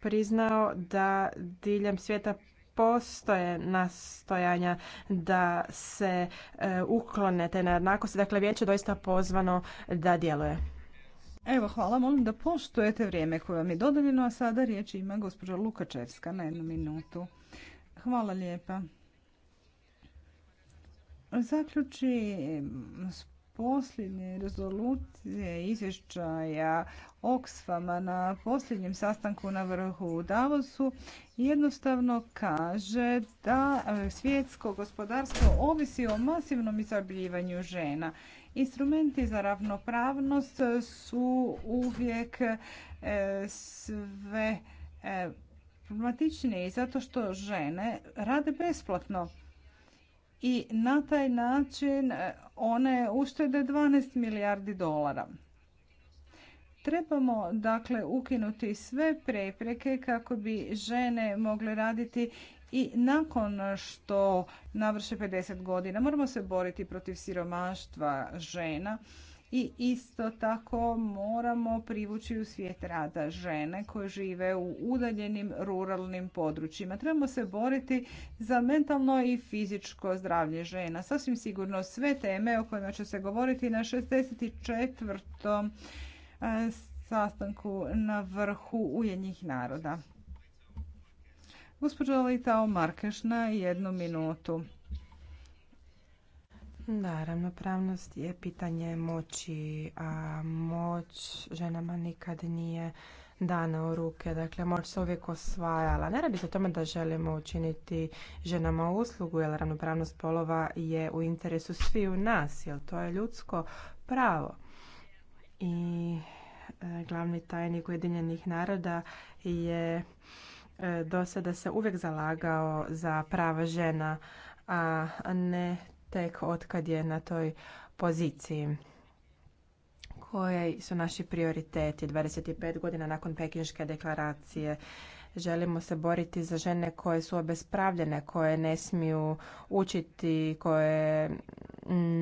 priznao da diljem svijeta postoje nastojanja da se e, uklone te nejednakosti. Dakle, vijeće je doista pozvano da djeluje. Evo, hvala. Molim da poštujete vrijeme koje vam je dodeljeno, a sada riječ ima gospođa Lukačevska na jednu minutu. Hvala lijepa. Zaključi posljednje rezolucije izvješćaja Oxfama na posljednjem sastanku na vrhu u Davosu jednostavno kaže da svjetsko gospodarstvo ovisi o masivnom izabljivanju žena. Instrumenti za ravnopravnost su uvijek e, sve e, problematičniji zato što žene rade besplatno i na taj način e, one uštede 12 milijardi dolara. Trebamo dakle ukinuti sve prepreke kako bi žene mogle raditi i nakon što navrše 50 godina. Moramo se boriti protiv siromaštva žena i isto tako moramo privući u svijet rada žene koje žive u udaljenim ruralnim područjima. Trebamo se boriti za mentalno i fizičko zdravlje žena. Sasvim sigurno sve teme o kojima će se govoriti na 64. E, sastanku na vrhu Ujednjih naroda. Gospođa Litao Markeš na jednu minutu. Da, ravnopravnost je pitanje moći, a moć ženama nikad nije dana u ruke. Dakle, moć se uvijek osvajala. Ne radi se o tome da želimo učiniti ženama uslugu, jer ravnopravnost polova je u interesu svi u nas, jer to je ljudsko pravo. I e, glavni tajnik Ujedinjenih naroda je e, do sada se uvijek zalagao za prava žena, a ne tek otkad je na toj poziciji Koje su naši prioriteti 25 godina nakon pekinške deklaracije želimo se boriti za žene koje su obespravljene koje ne smiju učiti koje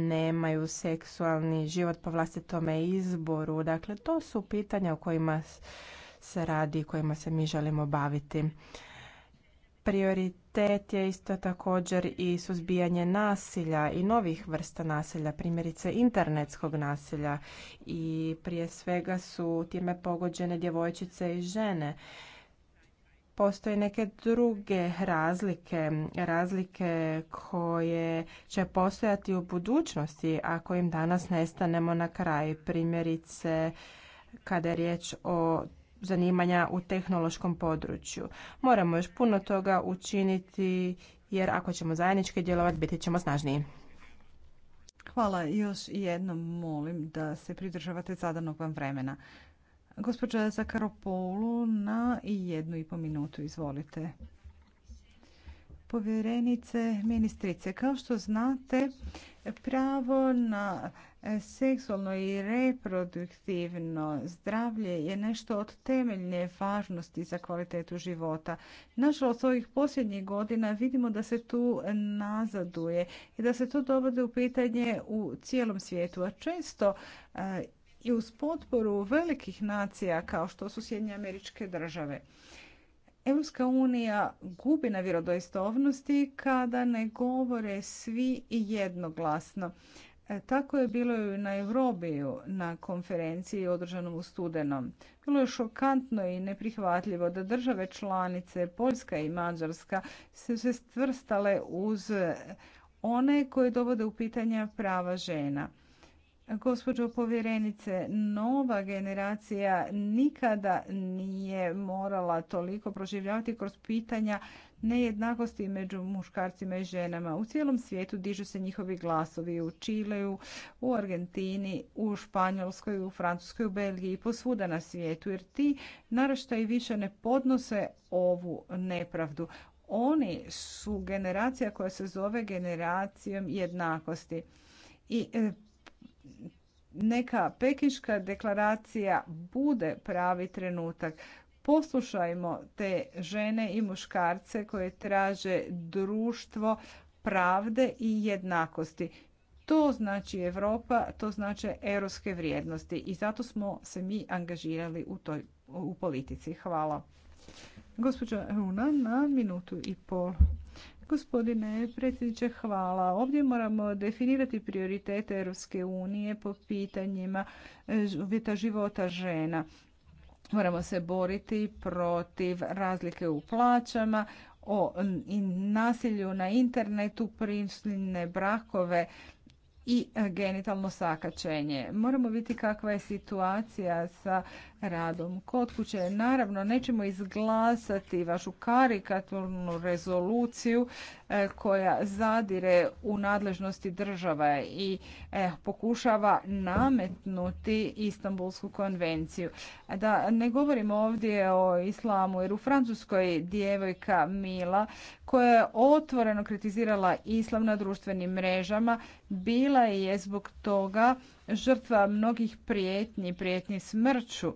nemaju seksualni život po vlastitome izboru dakle to su pitanja o kojima se radi i kojima se mi želimo baviti prioritet prioritet je isto također i suzbijanje nasilja i novih vrsta nasilja, primjerice internetskog nasilja i prije svega su time pogođene djevojčice i žene. Postoje neke druge razlike, razlike koje će postojati u budućnosti ako im danas nestanemo na kraj, primjerice kada je riječ o zanimanja u tehnološkom području. Moramo još puno toga učiniti jer ako ćemo zajednički djelovati biti ćemo snažniji. Hvala. Još jednom molim da se pridržavate zadanog vam vremena. Gospođa Zakaropolu na jednu i po minutu, izvolite. Povjerenice, ministrice, kao što znate, Pravo na seksualno i reproduktivno zdravlje je nešto od temeljne važnosti za kvalitetu života. Nažalost, ovih posljednjih godina vidimo da se tu nazaduje i da se to dovode u pitanje u cijelom svijetu, a često eh, i uz potporu velikih nacija kao što su Sjedinje američke države. Europska unija gubi na vjerodostojnosti kada ne govore svi i jednoglasno. E, tako je bilo i na Evrobiju na konferenciji održanom u studenom. Bilo je šokantno i neprihvatljivo da države članice Poljska i Mađarska su se stvrstale uz one koje dovode u pitanja prava žena. Gospođo povjerenice, nova generacija nikada nije morala toliko proživljavati kroz pitanja nejednakosti među muškarcima i ženama. U cijelom svijetu dižu se njihovi glasovi u Čileju, u Argentini, u Španjolskoj, u Francuskoj, u Belgiji, i posvuda na svijetu, jer ti i više ne podnose ovu nepravdu. Oni su generacija koja se zove generacijom jednakosti. I neka pekinška deklaracija bude pravi trenutak. Poslušajmo te žene i muškarce koje traže društvo pravde i jednakosti. To znači Europa, to znači europske vrijednosti i zato smo se mi angažirali u toj u politici. Hvala. Gospođa Runa na minutu i pol. Gospodine predsjedniče, hvala. Ovdje moramo definirati prioritete Europske unije po pitanjima eh, uvjeta života žena. Moramo se boriti protiv razlike u plaćama, o nasilju na internetu, prisilne brakove, i e, genitalno sakačenje. Moramo vidjeti kakva je situacija sa radom kod kuće. Naravno, nećemo izglasati vašu karikaturnu rezoluciju e, koja zadire u nadležnosti države i e, pokušava nametnuti Istanbulsku konvenciju. Da ne govorimo ovdje o islamu, jer u Francuskoj djevojka Mila koja je otvoreno kritizirala islam na društvenim mrežama bila je zbog toga žrtva mnogih prijetnji, prijetnji smrću.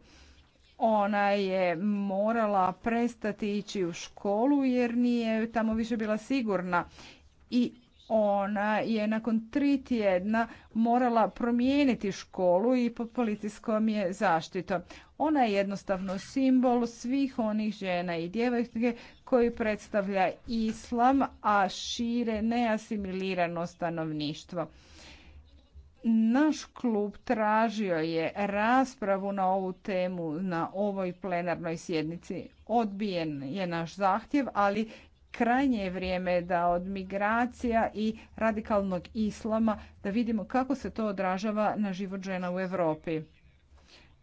Ona je morala prestati ići u školu jer nije tamo više bila sigurna i ona je nakon tri tjedna morala promijeniti školu i pod policijskom je zaštitom. Ona je jednostavno simbol svih onih žena i djevojke koji predstavlja islam, a šire neasimilirano stanovništvo. Naš klub tražio je raspravu na ovu temu na ovoj plenarnoj sjednici. Odbijen je naš zahtjev, ali krajnje je vrijeme da od migracija i radikalnog islama da vidimo kako se to odražava na život žena u Europi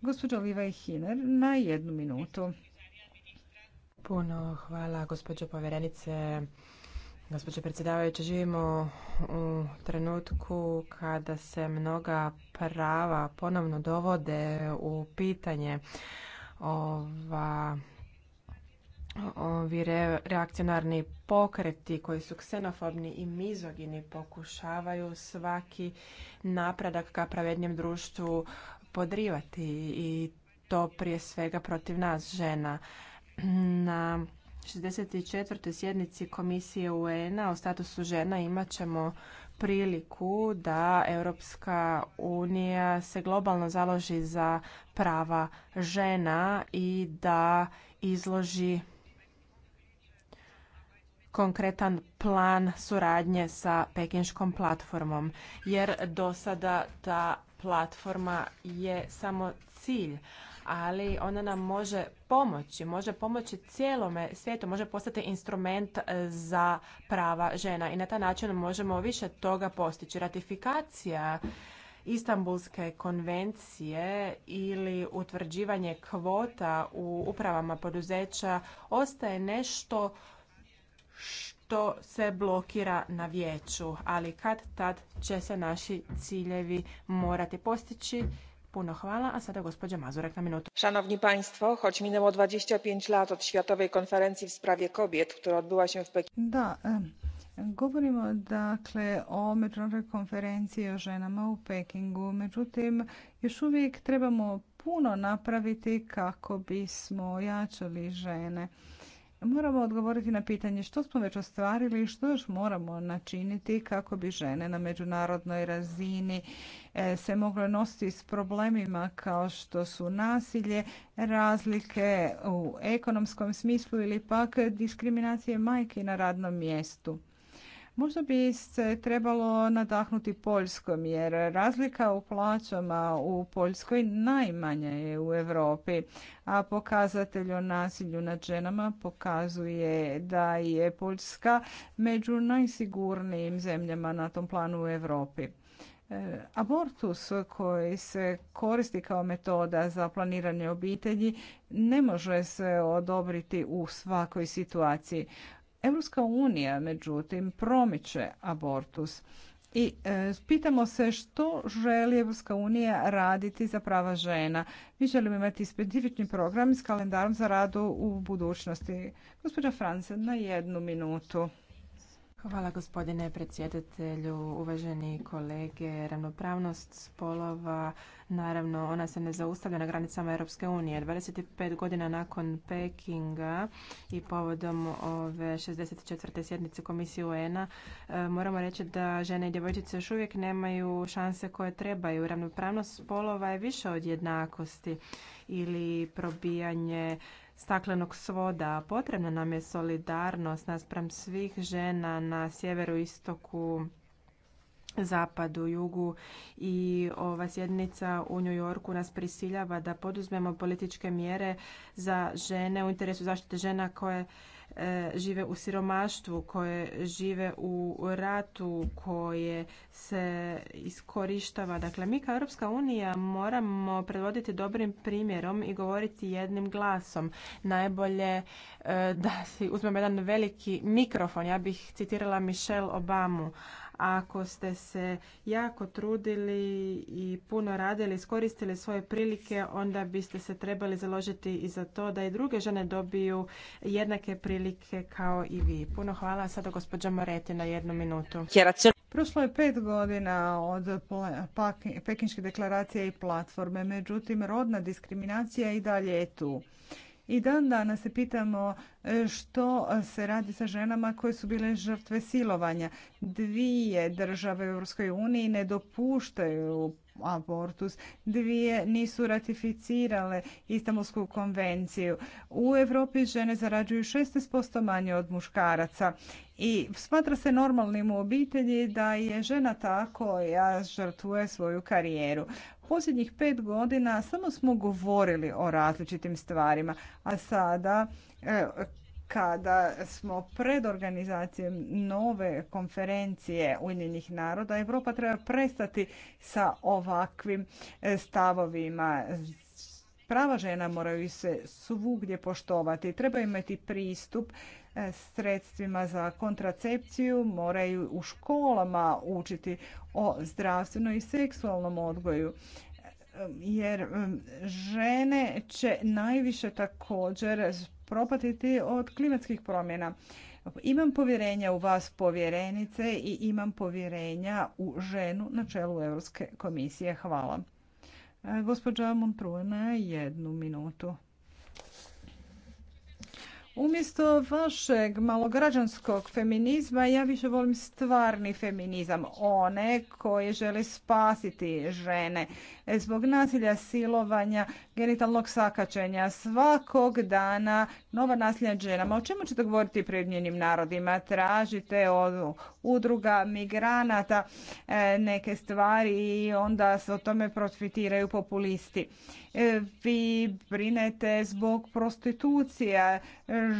gospođo Hiner na jednu minutu. Puno hvala gospođo povjerenice. Gospođo predsjedavajuća, živimo u trenutku kada se mnoga prava ponovno dovode u pitanje ova ovi reakcionarni pokreti koji su ksenofobni i mizogini pokušavaju svaki napredak ka pravednjem društvu podrivati i to prije svega protiv nas žena. Na 64. sjednici Komisije UN-a o statusu žena imat ćemo priliku da Europska unija se globalno založi za prava žena i da izloži konkretan plan suradnje sa pekinškom platformom jer do sada ta platforma je samo cilj, ali ona nam može pomoći, može pomoći cijelome svijetu, može postati instrument e, za prava žena i na taj način možemo više toga postići. Ratifikacija Istanbulske konvencije ili utvrđivanje kvota u upravama poduzeća ostaje nešto što to se blokira na vijeću, ali kad tad će se naši ciljevi morati postići. Puno hvala, a sada gospođa Mazurek na minutu. Szanowni Państwo, choć minęło 25 lat od Światowej Konferencji w sprawie kobiet, która odbyła się w Pekinie. Da, Govorimo dakle o međunarodnoj konferenciji o ženama u Pekingu, međutim još uvijek trebamo puno napraviti kako bismo ojačali žene moramo odgovoriti na pitanje što smo već ostvarili i što još moramo načiniti kako bi žene na međunarodnoj razini e, se mogle nositi s problemima kao što su nasilje, razlike u ekonomskom smislu ili pak diskriminacije majke na radnom mjestu. Možda bi se trebalo nadahnuti Poljskom jer razlika u plaćama u Poljskoj najmanja je u Europi, a pokazatelj o nasilju nad ženama pokazuje da je Poljska među najsigurnijim zemljama na tom planu u Europi. E, abortus koji se koristi kao metoda za planiranje obitelji ne može se odobriti u svakoj situaciji. Evropska unija međutim promiče abortus i e, pitamo se što želi Europska unija raditi za prava žena. Mi želimo imati specifični program s kalendarom za radu u budućnosti. Gospođa France, na jednu minutu. Hvala gospodine predsjedatelju, uvaženi kolege. Ravnopravnost spolova, naravno, ona se ne zaustavlja na granicama Europske unije. 25 godina nakon Pekinga i povodom ove 64. sjednice Komisije UN-a e, moramo reći da žene i djevojčice još uvijek nemaju šanse koje trebaju. Ravnopravnost spolova je više od jednakosti ili probijanje staklenog svoda. Potrebna nam je solidarnost naspram svih žena na sjeveru, istoku, zapadu, jugu i ova sjednica u New Yorku nas prisiljava da poduzmemo političke mjere za žene u interesu zaštite žena koje E, žive u siromaštvu, koje žive u ratu, koje se iskorištava. Dakle, mi kao Europska unija moramo predvoditi dobrim primjerom i govoriti jednim glasom. Najbolje e, da si uzmem jedan veliki mikrofon. Ja bih citirala Michelle Obamu, ako ste se jako trudili i puno radili, iskoristili svoje prilike, onda biste se trebali založiti i za to da i druge žene dobiju jednake prilike kao i vi. Puno hvala. Sada gospođa Moreti na jednu minutu. Prošlo je pet godina od Pekinške deklaracije i platforme, međutim rodna diskriminacija i dalje je tu. I dan danas se pitamo e, što se radi sa ženama koje su bile žrtve silovanja. Dvije države u EU ne dopuštaju abortus. Dvije nisu ratificirale Istanbulsku konvenciju. U Europi žene zarađuju 16% manje od muškaraca. I smatra se normalnim u obitelji da je žena ta ja žrtvuje svoju karijeru. Posljednjih pet godina samo smo govorili o različitim stvarima, a sada e, kada smo pred organizacijom nove konferencije Ujedinjenih naroda, Europa treba prestati sa ovakvim e, stavovima. Prava žena moraju se svugdje poštovati. Treba imati pristup e, sredstvima za kontracepciju, moraju u školama učiti o zdravstvenom i seksualnom odgoju e, jer žene će najviše također propatiti od klimatskih promjena. Imam povjerenja u vas povjerenice i imam povjerenja u ženu na čelu Europske komisije. Hvala. E, gospođa Montruna, jednu minutu. Umjesto vašeg malograđanskog feminizma, ja više volim stvarni feminizam, one koje žele spasiti žene zbog nasilja, silovanja, genitalnog sakačenja svakog dana, nova nasilja ženama. O čemu ćete govoriti pred njenim narodima? Tražite od udruga migranata e, neke stvari i onda se o tome profitiraju populisti vi brinete zbog prostitucija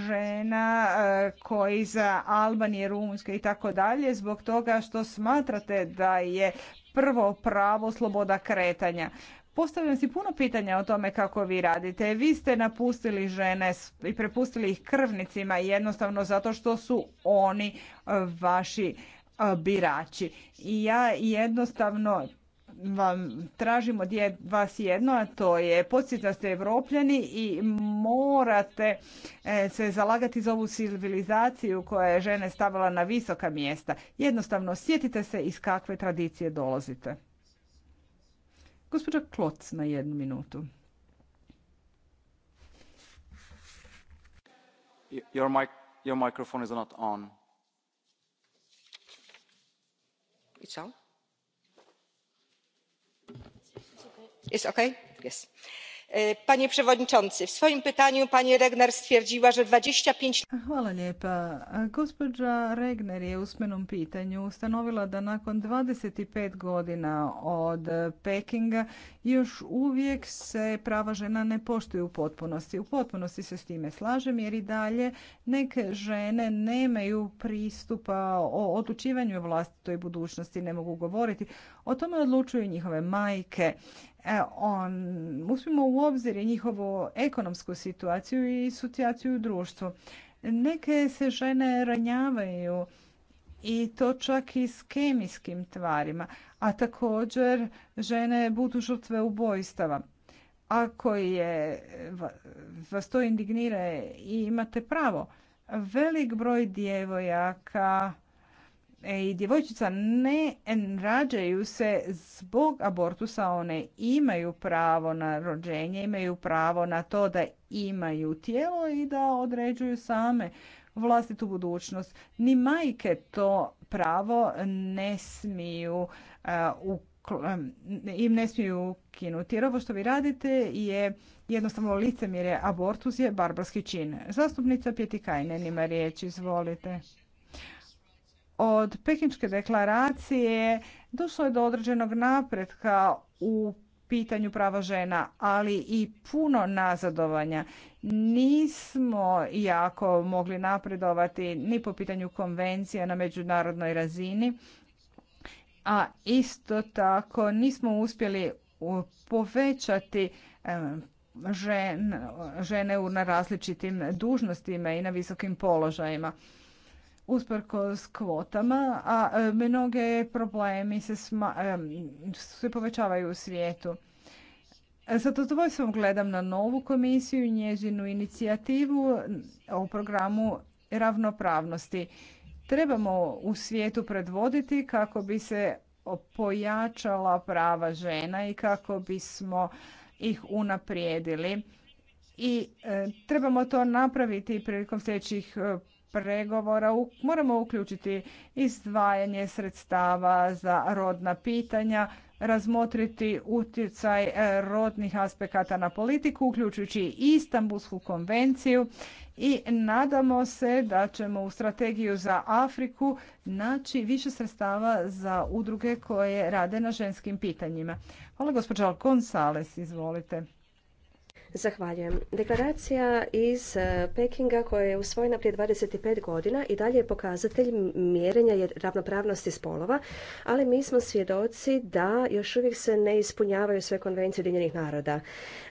žena eh, koji za Albanije, Rumunjske i tako dalje zbog toga što smatrate da je prvo pravo sloboda kretanja. Postavljam si puno pitanja o tome kako vi radite. Vi ste napustili žene i prepustili ih krvnicima jednostavno zato što su oni eh, vaši eh, birači. I ja jednostavno vam tražimo od vas jedno, a to je podsjet da ste Evropljeni i morate e, se zalagati za ovu civilizaciju koja je žene stavila na visoka mjesta. Jednostavno, sjetite se iz kakve tradicije dolazite. Gospođa Kloc na jednu minutu. Your, mic your microphone is not on. It's on. E, panie przewodniczący! w swoim pytaniu pani regner stwierdziła że dwadzieścia hvala lijepa gospođa regner je u usmenom pitanju ustanovila da nakon dvadeset pet godina od pekinga još uvijek se prava žena ne poštuju u potpunosti. u potpunosti se s time slažem jer i dalje neke žene nemaju pristupa o odlučivanju o vlastitoj budućnosti ne mogu govoriti o tome odlučuju njihove majke E, on, uzmimo u obzir njihovu ekonomsku situaciju i situaciju u društvu. Neke se žene ranjavaju i to čak i s kemijskim tvarima, a također žene budu žrtve ubojstava. Ako je, vas to indignira i imate pravo, velik broj djevojaka E, i djevojčica ne rađaju se zbog abortusa, one imaju pravo na rođenje, imaju pravo na to da imaju tijelo i da određuju same vlastitu budućnost. Ni majke to pravo ne smiju e, im ne smiju ukinuti. Jer ovo što vi radite je jednostavno licemjerje. Abortus je barbarski čin. Zastupnica Pjetikajnen ima riječ. Izvolite od Pekinčke deklaracije došlo je do određenog napretka u pitanju prava žena, ali i puno nazadovanja. Nismo jako mogli napredovati ni po pitanju konvencija na međunarodnoj razini, a isto tako nismo uspjeli povećati žene na različitim dužnostima i na visokim položajima usprkos kvotama, a e, mnoge problemi e, se, povećavaju u svijetu. Sa zadovoljstvom gledam na novu komisiju i njezinu inicijativu o programu ravnopravnosti. Trebamo u svijetu predvoditi kako bi se pojačala prava žena i kako bismo ih unaprijedili. I e, trebamo to napraviti prilikom sljedećih pregovora moramo uključiti izdvajanje sredstava za rodna pitanja, razmotriti utjecaj e, rodnih aspekata na politiku, uključujući i Istanbulsku konvenciju i nadamo se da ćemo u strategiju za Afriku naći više sredstava za udruge koje rade na ženskim pitanjima. Hvala gospođa Gonzales, izvolite. Zahvaljujem. Deklaracija iz e, Pekinga koja je usvojena prije 25 godina i dalje je pokazatelj mjerenja ravnopravnosti spolova, ali mi smo svjedoci da još uvijek se ne ispunjavaju sve konvencije Ujedinjenih naroda.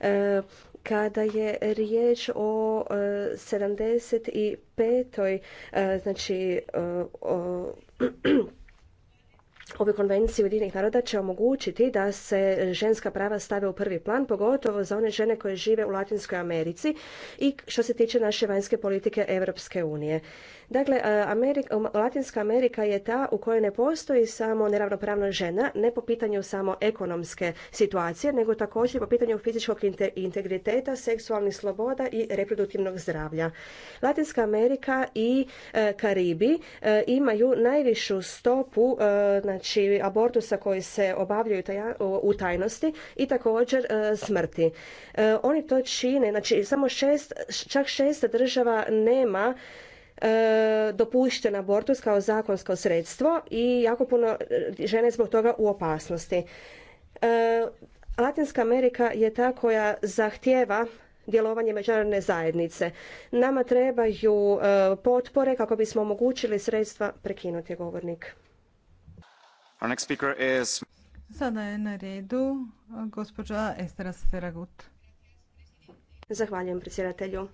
E, kada je riječ o 75. E, znači Ove konvencije Ujedinjenih naroda će omogućiti da se ženska prava stave u prvi plan, pogotovo za one žene koje žive u Latinskoj Americi i što se tiče naše vanjske politike Europske unije. Dakle, um, Latinska Amerika je ta u kojoj ne postoji samo neravnopravna žena, ne po pitanju samo ekonomske situacije, nego također po pitanju fizičkog integriteta, seksualnih sloboda i reproduktivnog zdravlja. Latinska Amerika i e, Karibi e, imaju najvišu stopu e, na znači abortusa koji se obavljaju u tajnosti i također e, smrti. E, oni to čine, znači samo šest, čak šest država nema e, dopušten abortus kao zakonsko sredstvo i jako puno žene zbog toga u opasnosti. Latinska Amerika je ta koja zahtjeva djelovanje međunarodne zajednice. Nama trebaju potpore kako bismo omogućili sredstva prekinuti govornik. Sada je na redu gospođa Estera Zahvaljujem predsjedatelju.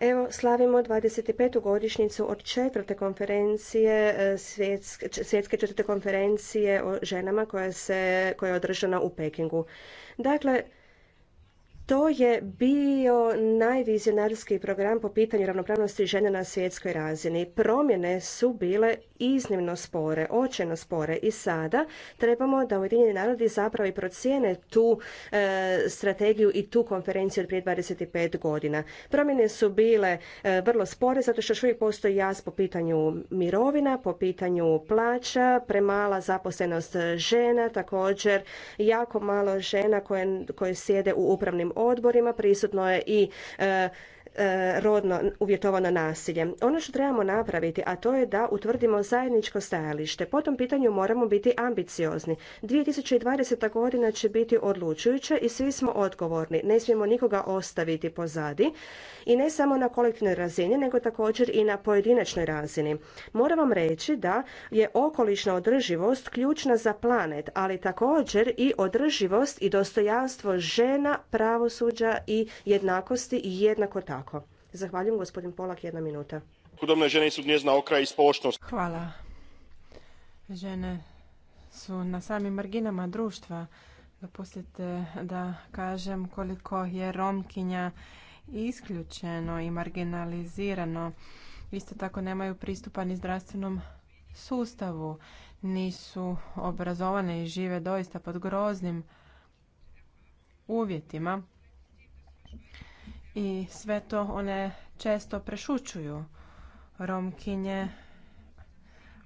Evo, slavimo 25. godišnjicu od četvrte konferencije, e, svjetske, četvrte konferencije o ženama koja, se, koja je održana u Pekingu. Dakle, to je bio najvizionarski program po pitanju ravnopravnosti žena na svjetskoj razini. Promjene su bile iznimno spore, očajno spore i sada trebamo da Ujedinjeni narodi zapravo i procijene tu e, strategiju i tu konferenciju od prije 25 godina. Promjene su bile e, vrlo spore zato što još uvijek postoji jaz po pitanju mirovina, po pitanju plaća, premala zaposlenost žena, također jako malo žena koje, koje sjede u upravnim odborima, prisutno je i e, E, rodno uvjetovano nasilje. Ono što trebamo napraviti, a to je da utvrdimo zajedničko stajalište. Po tom pitanju moramo biti ambiciozni. 2020. godina će biti odlučujuća i svi smo odgovorni. Ne smijemo nikoga ostaviti pozadi i ne samo na kolektivnoj razini, nego također i na pojedinačnoj razini. Moram vam reći da je okolišna održivost ključna za planet, ali također i održivost i dostojanstvo žena, pravosuđa i jednakosti i jednako tako tako. Zahvaljujem gospodin Polak, jedna minuta. Hudobne žene su Hvala. Žene su na samim marginama društva. Dopustite da kažem koliko je Romkinja isključeno i marginalizirano. Isto tako nemaju pristupa ni zdravstvenom sustavu. Nisu obrazovane i žive doista pod groznim uvjetima i sve to one često prešućuju. Romkinje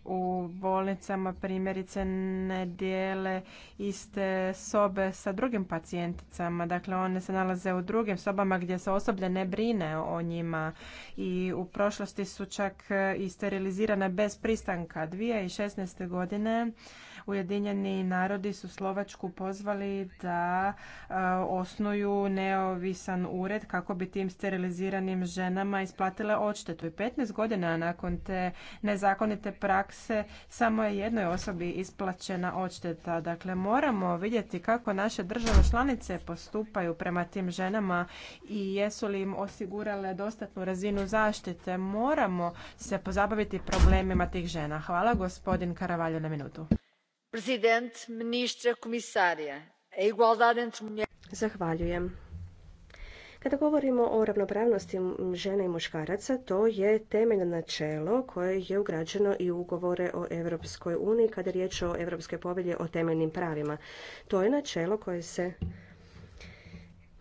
u bolnicama primjerice ne dijele iste sobe sa drugim pacijenticama. Dakle, one se nalaze u drugim sobama gdje se osoblje ne brine o njima i u prošlosti su čak i sterilizirane bez pristanka. 2016. godine Ujedinjeni narodi su Slovačku pozvali da e, osnuju neovisan ured kako bi tim steriliziranim ženama isplatile odštetu. I 15 godina nakon te nezakonite prakse samo je jednoj osobi isplaćena odšteta. Dakle, moramo vidjeti kako naše države članice postupaju prema tim ženama i jesu li im osigurale dostatnu razinu zaštite. Moramo se pozabaviti problemima tih žena. Hvala gospodin Karavalju na minutu ministra, Zahvaljujem. Kada govorimo o ravnopravnosti žena i muškaraca, to je temeljno načelo koje je ugrađeno i u ugovore o Europskoj uniji kada je riječ o Europskoj povelji o temeljnim pravima. To je načelo koje se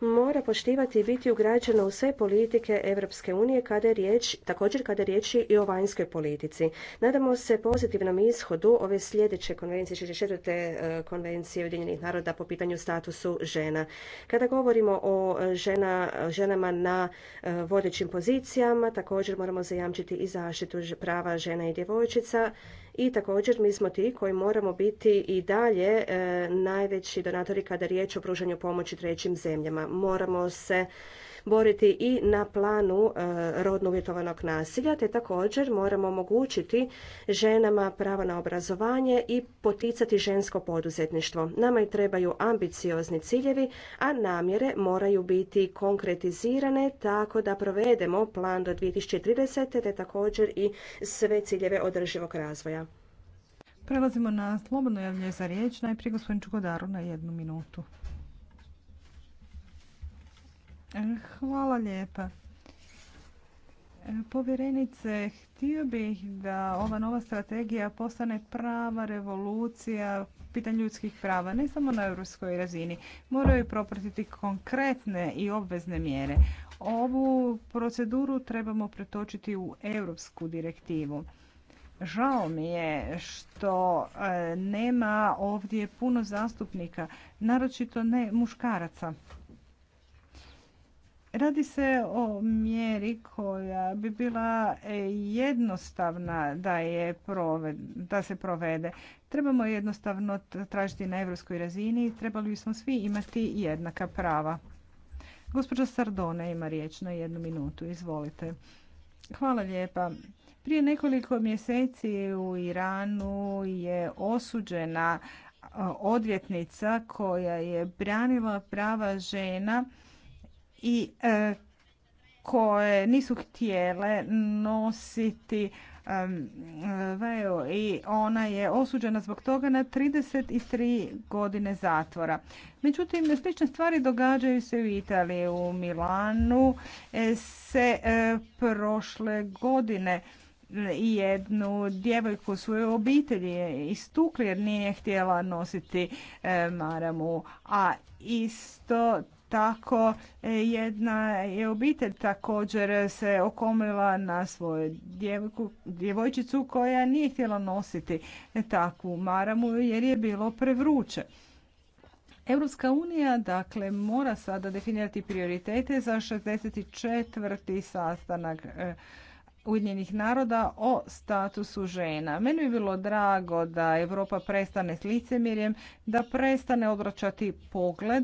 mora poštivati i biti ugrađena u sve politike Europske unije kada je riječ, također kada je riječ i o vanjskoj politici. Nadamo se pozitivnom ishodu ove sljedeće konvencije, 64. E, konvencije Ujedinjenih naroda po pitanju statusu žena. Kada govorimo o žena, ženama na e, vodećim pozicijama, također moramo zajamčiti i zaštitu prava žena i djevojčica i također mi smo ti koji moramo biti i dalje e, najveći donatori kada je riječ o pružanju pomoći trećim zemljama. Moramo se boriti i na planu e, rodno uvjetovanog nasilja, te također moramo omogućiti ženama pravo na obrazovanje i poticati žensko poduzetništvo. Nama i trebaju ambiciozni ciljevi, a namjere moraju biti konkretizirane tako da provedemo plan do 2030. te također i sve ciljeve održivog razvoja. Prelazimo na slobodno javljanje za riječ. Najprije gospodin Čugodaru na jednu minutu. Hvala lijepa. E, povjerenice, htio bih da ova nova strategija postane prava revolucija pitanje ljudskih prava, ne samo na europskoj razini. Moraju propratiti konkretne i obvezne mjere. Ovu proceduru trebamo pretočiti u europsku direktivu. Žao mi je što e, nema ovdje puno zastupnika, naročito ne muškaraca. Radi se o mjeri koja bi bila e, jednostavna da, je proved, da se provede. Trebamo jednostavno tražiti na evropskoj razini i trebali bismo svi imati jednaka prava. Gospođa Sardona ima riječ na jednu minutu. Izvolite. Hvala lijepa. Prije nekoliko mjeseci u Iranu je osuđena odvjetnica koja je branila prava žena i e, koje nisu htjele nositi veo i ona je osuđena zbog toga na 33 godine zatvora. Međutim, slične stvari događaju se u Italiji. U Milanu e, se e, prošle godine jednu djevojku svoje obitelji je istukli jer nije htjela nositi maramu. A isto tako e, jedna je obitelj također se okomila na svoju djevojku, djevojčicu koja nije htjela nositi takvu maramu jer je bilo prevruće. Europska unija dakle mora sada definirati prioritete za 64. sastanak e, Ujedinjenih naroda o statusu žena. Meni bi bilo drago da Europa prestane s licemjerjem, da prestane obraćati pogled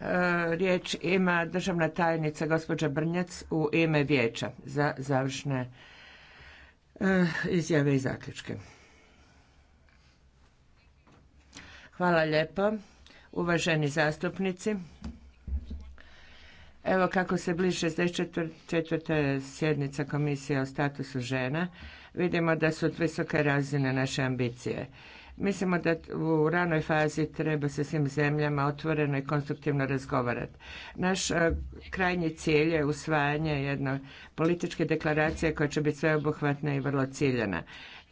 E, riječ ima državna tajnica gospođa Brnjac u ime vijeća za završne e, izjave i zaključke. Hvala lijepo, uvaženi zastupnici. Evo kako se bliže 64. sjednica Komisije o statusu žena, vidimo da su visoke razine naše ambicije. Mislimo da u ranoj fazi treba sa svim zemljama otvoreno i konstruktivno razgovarati. Naš e, krajnji cilj je usvajanje jedne političke deklaracije koja će biti sveobuhvatna i vrlo ciljena.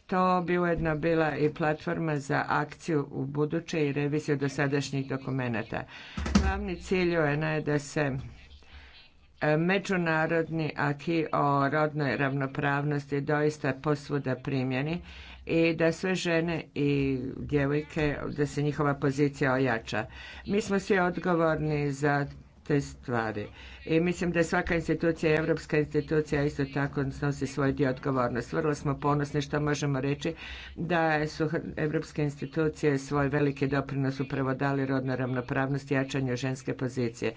To bi ujedno bila i platforma za akciju u buduće i reviziju dosadašnjih dokumenata. Glavni cilj je da se e, međunarodni aki o rodnoj ravnopravnosti doista posvuda primjeni i da sve žene i djevojke, da se njihova pozicija ojača. Mi smo svi odgovorni za te stvari. I mislim da svaka institucija, evropska institucija isto tako snosi svoj dio odgovornost. Vrlo smo ponosni što možemo reći da su evropske institucije svoj veliki doprinos upravo dali rodno ravnopravnost i jačanju ženske pozicije.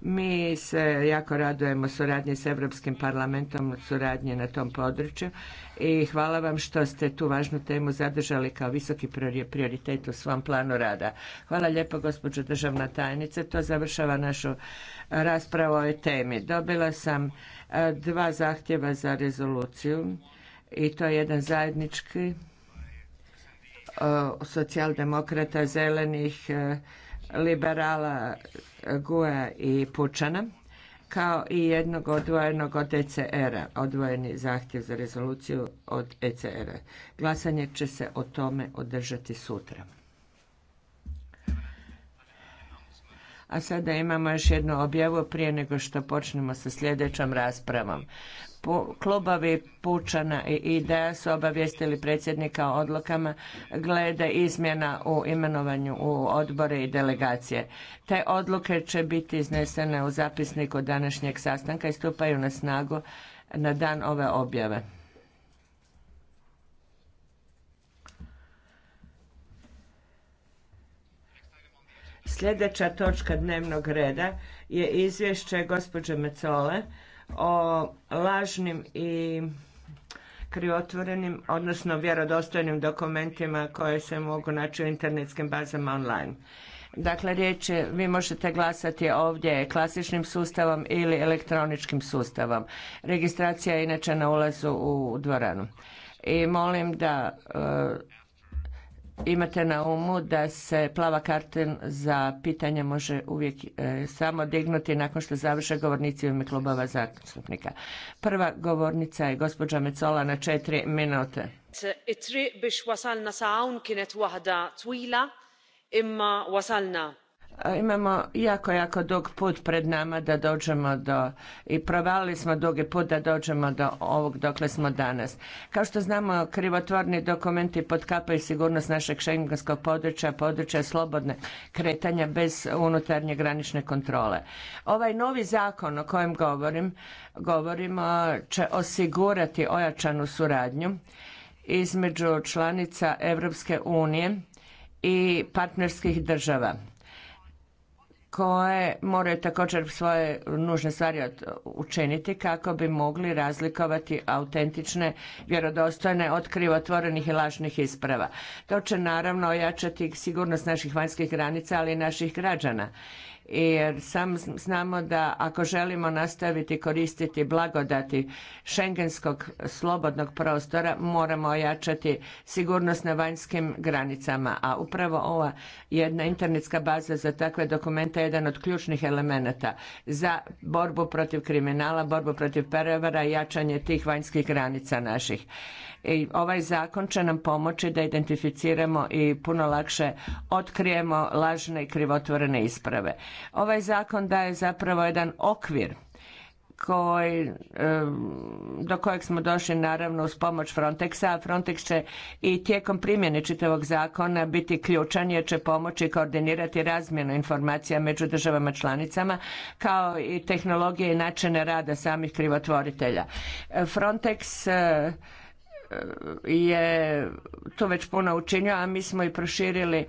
Mi se jako radujemo suradnji s Evropskim parlamentom, suradnje na tom području i hvala vam što ste tu važnu temu zadržali kao visoki prioritet u svom planu rada. Hvala lijepo gospođo državna tajnice. To završava našu raspravu o ovoj temi. Dobila sam e, dva zahtjeva za rezoluciju i to je jedan zajednički e, socijaldemokrata, zelenih, e, liberala, guja i pučana kao i jednog odvojenog od ECR-a, odvojeni zahtjev za rezoluciju od ECR-a. Glasanje će se o tome održati sutra. A sada imamo još jednu objavu prije nego što počnemo sa sljedećom raspravom klubovi Pučana i IDEA su obavijestili predsjednika o odlukama glede izmjena u imenovanju u odbore i delegacije. Te odluke će biti iznesene u zapisniku današnjeg sastanka i stupaju na snagu na dan ove objave. Sljedeća točka dnevnog reda je izvješće gospođe Mecole o lažnim i kriotvorenim, odnosno vjerodostojnim dokumentima koje se mogu naći u internetskim bazama online. Dakle, riječ je, vi možete glasati ovdje klasičnim sustavom ili elektroničkim sustavom. Registracija je inače na ulazu u dvoranu. I molim da e, imate na umu da se plava karten za pitanje može uvijek e, samo dignuti nakon što završe govornici u ime klubova zastupnika. Prva govornica je gospođa Mecola na četiri minute. Itri biš wasalna sa wahda twila wasalna Imamo jako, jako dug put pred nama da dođemo do, i provalili smo dugi put da dođemo do ovog dokle smo danas. Kao što znamo, krivotvorni dokumenti potkapaju sigurnost našeg šengenskog područja, područja slobodne kretanja bez unutarnje granične kontrole. Ovaj novi zakon o kojem govorim, govorimo će osigurati ojačanu suradnju između članica Europske unije i partnerskih država koje moraju također svoje nužne stvari učiniti kako bi mogli razlikovati autentične, vjerodostojne od krivotvorenih i lažnih isprava. To će naravno ojačati sigurnost naših vanjskih granica, ali i naših građana jer sam znamo da ako želimo nastaviti koristiti blagodati šengenskog slobodnog prostora moramo ojačati sigurnost na vanjskim granicama, a upravo ova jedna internetska baza za takve dokumente je jedan od ključnih elemenata za borbu protiv kriminala, borbu protiv prevara i jačanje tih vanjskih granica naših. I ovaj zakon će nam pomoći da identificiramo i puno lakše otkrijemo lažne i krivotvorene isprave. Ovaj zakon daje zapravo jedan okvir koji, do kojeg smo došli naravno uz pomoć Frontexa, a Frontex će i tijekom primjene čitavog zakona biti ključan jer će pomoći koordinirati razmjenu informacija među državama članicama kao i tehnologije i načine rada samih krivotvoritelja. Frontex je tu već puno učinio, a mi smo i proširili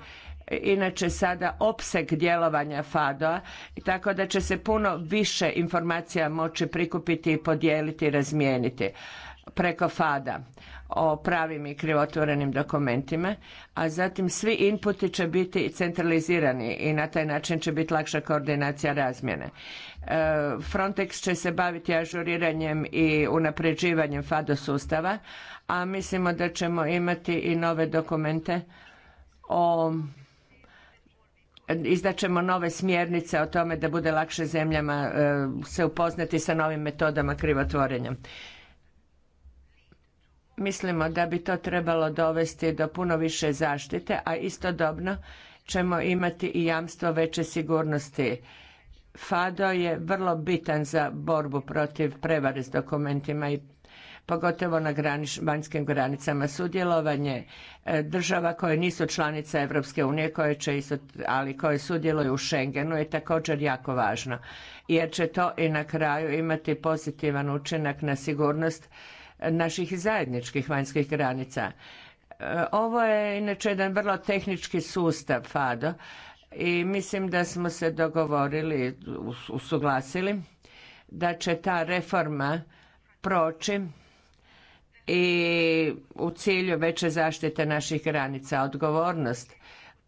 inače sada opseg djelovanja FADO-a, tako da će se puno više informacija moći prikupiti i podijeliti i razmijeniti preko FADA o pravim i krivotvorenim dokumentima, a zatim svi inputi će biti centralizirani i na taj način će biti lakša koordinacija razmjene. E, Frontex će se baviti ažuriranjem i unapređivanjem FADO sustava, a mislimo da ćemo imati i nove dokumente o ćemo nove smjernice o tome da bude lakše zemljama e, se upoznati sa novim metodama krivotvorenja. Mislimo da bi to trebalo dovesti do puno više zaštite, a istodobno ćemo imati i jamstvo veće sigurnosti. FADO je vrlo bitan za borbu protiv prevare s dokumentima i pogotovo na vanjskim granicama. Sudjelovanje e, država koje nisu članice Europske unije, koje ali koje sudjeluju u Schengenu je također jako važno, jer će to i na kraju imati pozitivan učinak na sigurnost e, naših zajedničkih vanjskih granica. E, ovo je inače jedan vrlo tehnički sustav FADO i mislim da smo se dogovorili, usuglasili da će ta reforma proći i u cilju veće zaštite naših granica. Odgovornost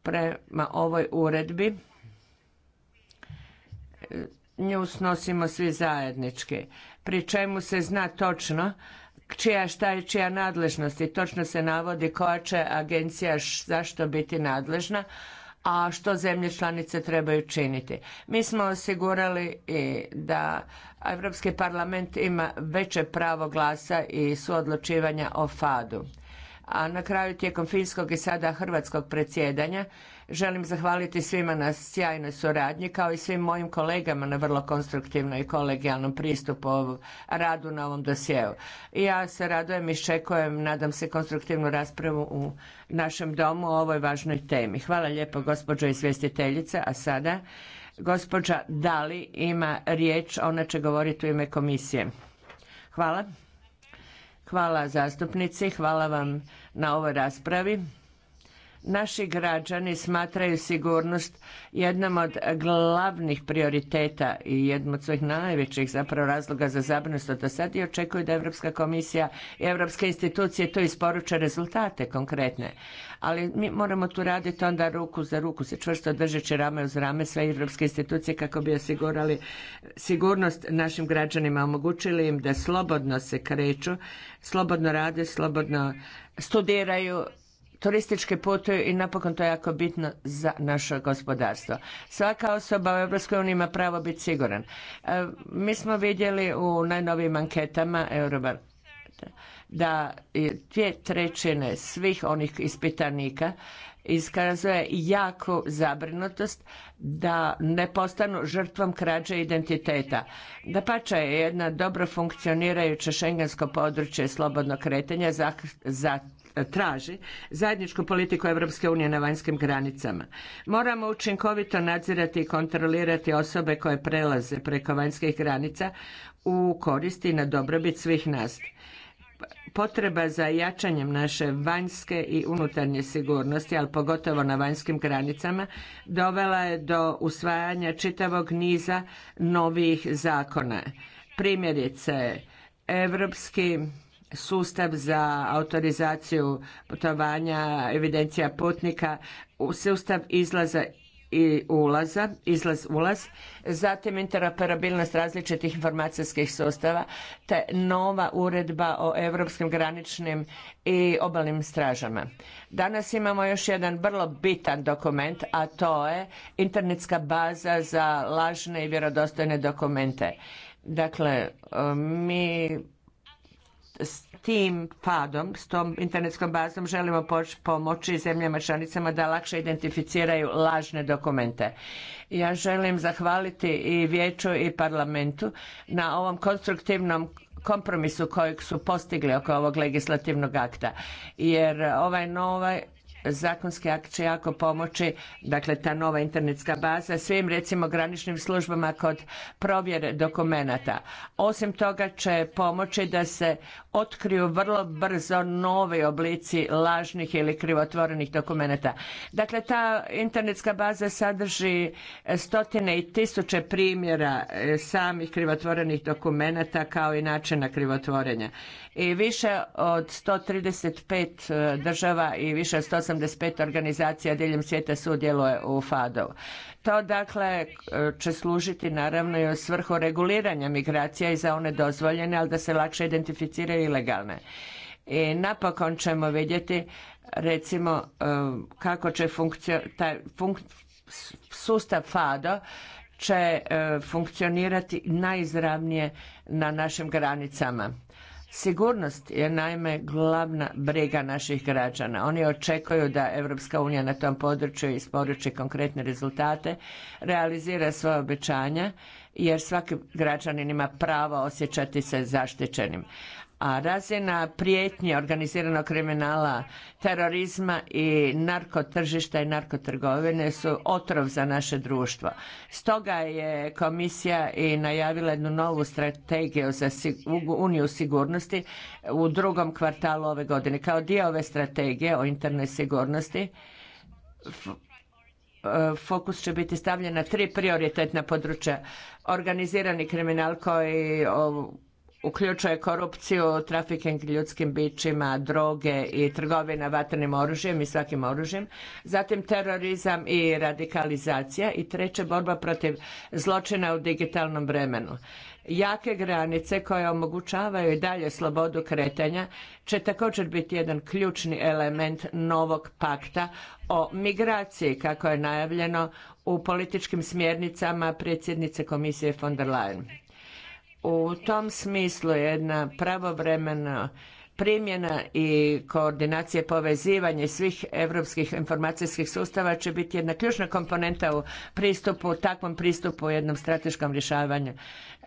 prema ovoj uredbi nju snosimo svi zajednički, pri čemu se zna točno čija šta je čija nadležnost i točno se navodi koja će agencija zašto biti nadležna, a što zemlje članice trebaju činiti. Mi smo osigurali i da Europski parlament ima veće pravo glasa i suodlučivanja o fadu a na kraju tijekom finskog i sada hrvatskog predsjedanja želim zahvaliti svima na sjajnoj suradnji kao i svim mojim kolegama na vrlo konstruktivnom i kolegijalnom pristupu radu na ovom dosjeu. Ja se radujem i iščekujem, nadam se, konstruktivnu raspravu u našem domu o ovoj važnoj temi. Hvala lijepo gospođo izvjestiteljice, a sada gospođa Dali ima riječ, ona će govoriti u ime komisije. Hvala. Hvala zastupnici, hvala vam na ovoj raspravi. Naši građani smatraju sigurnost jednom od glavnih prioriteta i jednom od svojih najvećih zapravo razloga za zabrinutost do sad i očekuju da Europska komisija i europske institucije to isporuče rezultate konkretne ali mi moramo tu raditi onda ruku za ruku, se čvrsto držeći rame uz rame sve europske institucije kako bi osigurali sigurnost našim građanima, omogućili im da slobodno se kreću, slobodno rade, slobodno studiraju, turistički putuju i napokon to je jako bitno za naše gospodarstvo. Svaka osoba u EU ima pravo biti siguran. E, mi smo vidjeli u najnovijim anketama Eurobar da dvije trećine svih onih ispitanika iskazuje jaku zabrinutost da ne postanu žrtvom krađe identiteta. Da pača je jedna dobro funkcionirajuće šengensko područje slobodnog kretanja za, za traži zajedničku politiku Europske unije na vanjskim granicama. Moramo učinkovito nadzirati i kontrolirati osobe koje prelaze preko vanjskih granica u koristi i na dobrobit svih nas potreba za jačanjem naše vanjske i unutarnje sigurnosti, ali pogotovo na vanjskim granicama, dovela je do usvajanja čitavog niza novih zakona. Primjerice, europski sustav za autorizaciju putovanja, evidencija putnika, sustav izlaza i ulaza, izlaz, ulaz, zatim interoperabilnost različitih informacijskih sustava, te nova uredba o europskim graničnim i obalnim stražama. Danas imamo još jedan vrlo bitan dokument, a to je internetska baza za lažne i vjerodostojne dokumente. Dakle, mi s tim padom, s tom internetskom bazom želimo pomoći zemljama članicama da lakše identificiraju lažne dokumente. Ja želim zahvaliti i vijeću i parlamentu na ovom konstruktivnom kompromisu kojeg su postigli oko ovog legislativnog akta. Jer ovaj novaj zakonski akt će jako pomoći, dakle ta nova internetska baza svim recimo graničnim službama kod provjere dokumenata. Osim toga će pomoći da se otkriju vrlo brzo nove oblici lažnih ili krivotvorenih dokumenata. Dakle, ta internetska baza sadrži stotine i tisuće primjera e, samih krivotvorenih dokumenata kao i načina krivotvorenja. I više od 135 e, država i više od 180 85 organizacija diljem svijeta sudjeluje u FADO. To dakle će služiti naravno i u svrhu reguliranja migracija i za one dozvoljene, ali da se lakše identificiraju ilegalne. I napokon ćemo vidjeti recimo e, kako će funkcio, taj sustav FADO će e, funkcionirati najizravnije na našim granicama. Sigurnost je naime glavna briga naših građana. Oni očekuju da Europska unija na tom području isporuči konkretne rezultate, realizira svoje obećanja jer svaki građanin ima pravo osjećati se zaštićenim. A razina prijetnje organiziranog kriminala, terorizma i narkotržišta i narkotrgovine su otrov za naše društvo. Stoga je komisija i najavila jednu novu strategiju za Uniju sigurnosti u drugom kvartalu ove godine. Kao dio ove strategije o internoj sigurnosti e, fokus će biti stavljen na tri prioritetna područja. Organizirani kriminal koji uključuje korupciju, trafiking ljudskim bićima, droge i trgovina vatrenim oružjem i svakim oružjem, zatim terorizam i radikalizacija i treće borba protiv zločina u digitalnom vremenu. Jake granice koje omogućavaju i dalje slobodu kretanja će također biti jedan ključni element novog pakta o migraciji kako je najavljeno u političkim smjernicama predsjednice komisije von der Leyen. U tom smislu jedna pravovremena primjena i koordinacije povezivanje svih europskih informacijskih sustava će biti jedna ključna komponenta u pristupu, takvom pristupu jednom strateškom rješavanju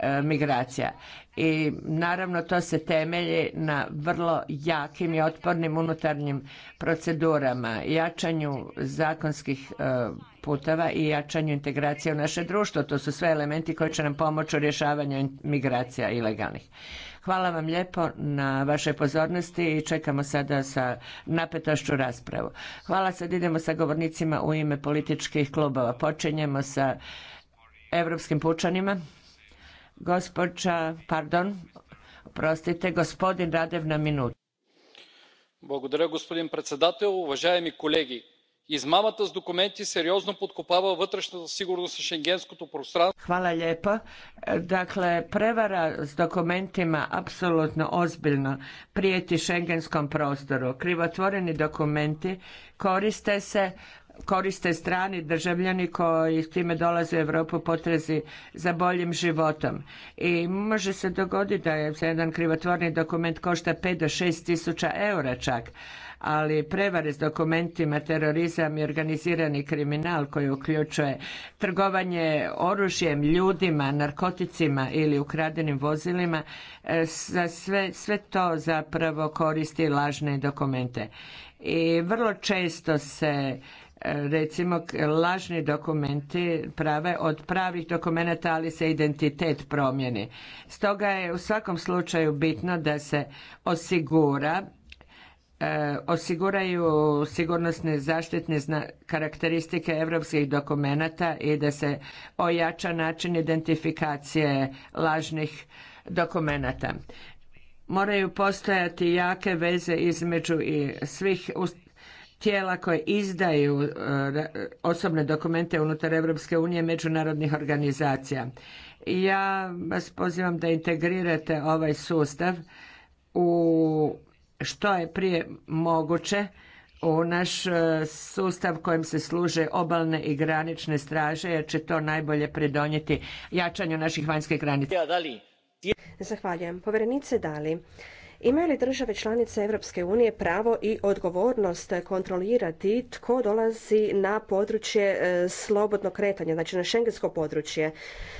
E, migracija. I naravno to se temelji na vrlo jakim i otpornim unutarnjim procedurama, jačanju zakonskih e, putava i jačanju integracije u naše društvo. To su sve elementi koji će nam pomoći u rješavanju migracija ilegalnih. Hvala vam lijepo na vašoj pozornosti i čekamo sada sa napetošću raspravu. Hvala, sad idemo sa govornicima u ime političkih klubova. Počinjemo sa europskim pučanima. Gospođa, pardon, prostite, gospodin Radev na minutu. Благодаря, господин kolegi Уважаеми колеги, Izmamata с dokumenti сериозно podkopava вътрешната sigurnost u шенгенското Hvala lijepo. Dakle, prevara s dokumentima apsolutno ozbiljno prijeti šengenskom prostoru. Krivotvoreni dokumenti koriste se koriste strani državljani koji time dolaze u Europu potrezi za boljim životom. I može se dogoditi da je jedan krivotvorni dokument košta 5 do 6 tisuća eura čak, ali prevare s dokumentima, terorizam i organizirani kriminal koji uključuje trgovanje oružjem, ljudima, narkoticima ili ukradenim vozilima, e, sve, sve to zapravo koristi lažne dokumente. I vrlo često se E, recimo lažni dokumenti prave od pravih dokumenata ali se identitet promijeni. Stoga je u svakom slučaju bitno da se osigura e, osiguraju sigurnosne zaštitne karakteristike europskih dokumenata i da se ojača način identifikacije lažnih dokumenata moraju postojati jake veze između i svih tijela koje izdaju e, osobne dokumente unutar Europske unije međunarodnih organizacija. Ja vas pozivam da integrirate ovaj sustav u što je prije moguće u naš e, sustav kojem se služe obalne i granične straže jer će to najbolje pridonijeti jačanju naših vanjskih granica. Zahvaljujem. Povjerenice Dali, Imaju li države članice Europske unije pravo i odgovornost kontrolirati tko dolazi na područje e, slobodnog kretanja, znači na šengensko područje?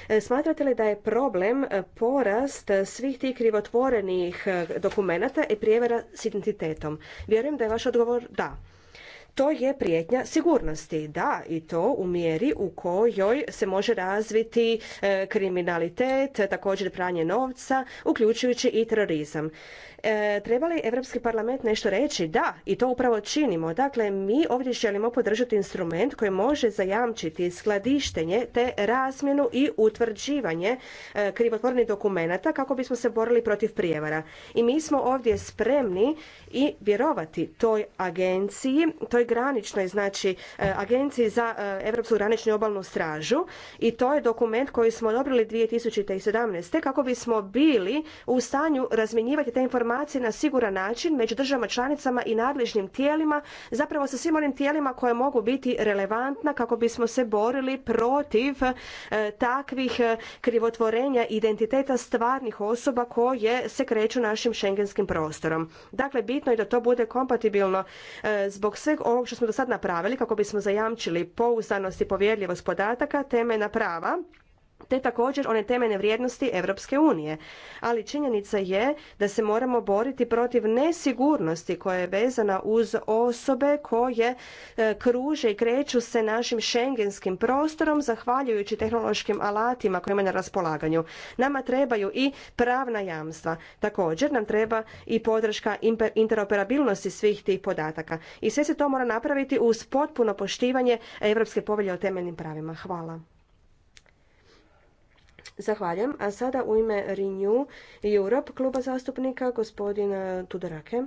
E, smatrate li da je problem e, porast svih tih krivotvorenih dokumenata i prijevara s identitetom? Vjerujem da je vaš odgovor da. To je prijetnja sigurnosti, da, i to u mjeri u kojoj se može razviti kriminalitet, također pranje novca, uključujući i terorizam trebali treba li Europski parlament nešto reći? Da, i to upravo činimo. Dakle, mi ovdje želimo podržati instrument koji može zajamčiti skladištenje te razmjenu i utvrđivanje e, krivotvornih dokumenata kako bismo se borili protiv prijevara. I mi smo ovdje spremni i vjerovati toj agenciji, toj graničnoj, znači e, agenciji za e, Evropsku graničnu obalnu stražu i to je dokument koji smo odobrili 2017. kako bismo bili u stanju razmjenjivati te informacije informacije na siguran način među državama članicama i nadležnim tijelima, zapravo sa svim onim tijelima koje mogu biti relevantna kako bismo se borili protiv e, takvih e, krivotvorenja identiteta stvarnih osoba koje se kreću našim šengenskim prostorom. Dakle, bitno je da to bude kompatibilno e, zbog sveg ovog što smo do sad napravili kako bismo zajamčili pouzdanost i povjerljivost podataka, temeljna prava te također one temeljne vrijednosti Europske unije. Ali činjenica je da se moramo boriti protiv nesigurnosti koja je vezana uz osobe koje e, kruže i kreću se našim šengenskim prostorom zahvaljujući tehnološkim alatima koje ima na raspolaganju. Nama trebaju i pravna jamstva. Također nam treba i podrška interoperabilnosti svih tih podataka. I sve se to mora napraviti uz potpuno poštivanje Europske povelje o temeljnim pravima. Hvala. Zahvaljujem. A sada u ime Renew Europe kluba zastupnika gospodina e, Tudorake.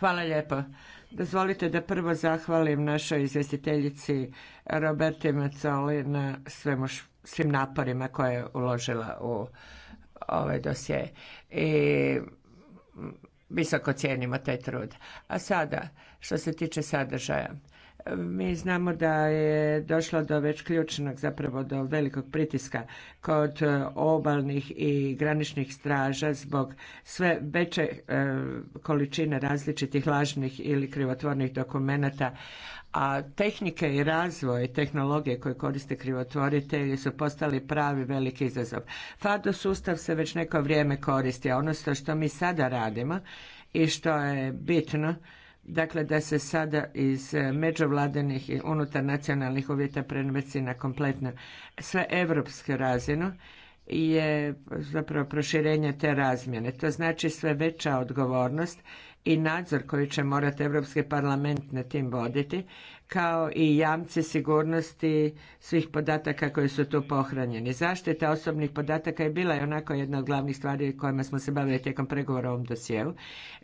Hvala lijepo. Dozvolite da prvo zahvalim našoj izvjestiteljici Roberti Macoli na svim naporima koje je uložila u ovaj dosje. I visoko cijenimo taj trud. A sada, što se tiče sadržaja, mi znamo da je došlo do već ključnog, zapravo do velikog pritiska kod e, obalnih i graničnih straža zbog sve veće e, količine različitih lažnih ili krivotvornih dokumenata, a tehnike i razvoj tehnologije koje koriste krivotvoritelji su postali pravi veliki izazov. FADO sustav se već neko vrijeme koristi, a ono što mi sada radimo i što je bitno dakle da se sada iz eh, međuvladinih i unutar nacionalnih uvjeta prenosi na kompletno sve europsku razinu je zapravo proširenje te razmjene. To znači sve veća odgovornost i nadzor koji će morati Europski parlament na tim voditi kao i jamci sigurnosti svih podataka koji su tu pohranjeni. Zaštita osobnih podataka je bila i onako jedna od glavnih stvari kojima smo se bavili tijekom pregovora u ovom dosjeu.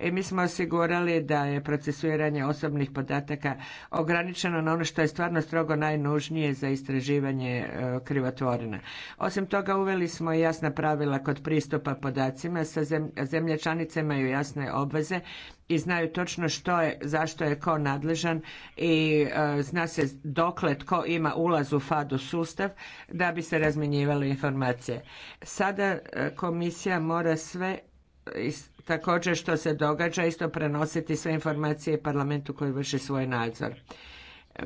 I mi smo osigurali da je procesuiranje osobnih podataka ograničeno na ono što je stvarno strogo najnužnije za istraživanje e, krivotvorena. Osim toga uveli smo jasna pravila kod pristupa podacima sa zemlje članicama i jasne obveze i znaju točno što je, zašto je ko nadležan i e, zna se dokle tko ima ulaz u FAD-u sustav da bi se razmjenjivale informacije. Sada e, komisija mora sve također što se događa isto prenositi sve informacije parlamentu koji vrši svoj nadzor.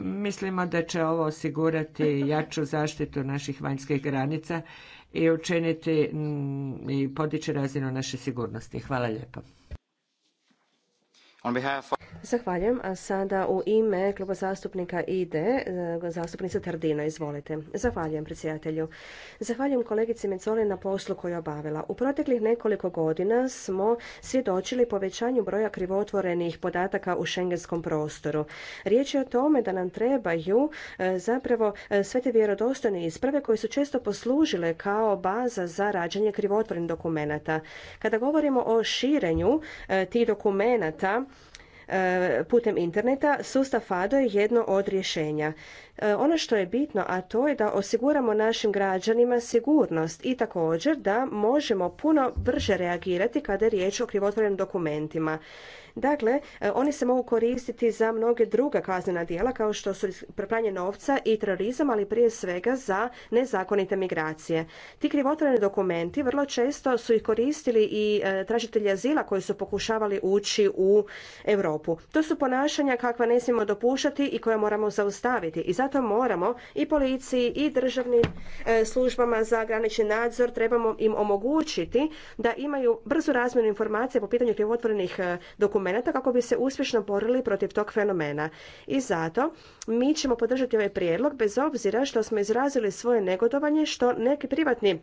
Mislimo da će ovo osigurati jaču zaštitu naših vanjskih granica i učiniti i podići razinu naše sigurnosti. Hvala lijepo on behalf Zahvaljujem. A sada u ime kluba zastupnika IDE, zastupnica Tardino, izvolite. Zahvaljujem predsjedatelju. Zahvaljujem kolegici Mecoli na poslu koju je obavila. U proteklih nekoliko godina smo svjedočili povećanju broja krivotvorenih podataka u šengenskom prostoru. Riječ je o tome da nam trebaju e, zapravo e, sve te vjerodostojne isprave koje su često poslužile kao baza za rađanje krivotvorenih dokumenata. Kada govorimo o širenju e, tih dokumenata, E, putem interneta, sustav FADO je jedno od rješenja. E, ono što je bitno, a to je da osiguramo našim građanima sigurnost i također da možemo puno brže reagirati kada je riječ o krivotvorenim dokumentima. Dakle, e, oni se mogu koristiti za mnoge druga kaznena djela kao što su pranje novca i terorizam, ali prije svega za nezakonite migracije. Ti krivotvoreni dokumenti vrlo često su ih koristili i e, tražitelji azila koji su pokušavali ući u Europu. To su ponašanja kakva ne smijemo dopuštati i koja moramo zaustaviti i zato moramo i policiji i državnim e, službama za granični nadzor trebamo im omogućiti da imaju brzu razmjenu informacija po pitanju krivotvorenih dokumenta kako bi se uspješno borili protiv tog fenomena. I zato mi ćemo podržati ovaj prijedlog bez obzira što smo izrazili svoje negodovanje što neki privatni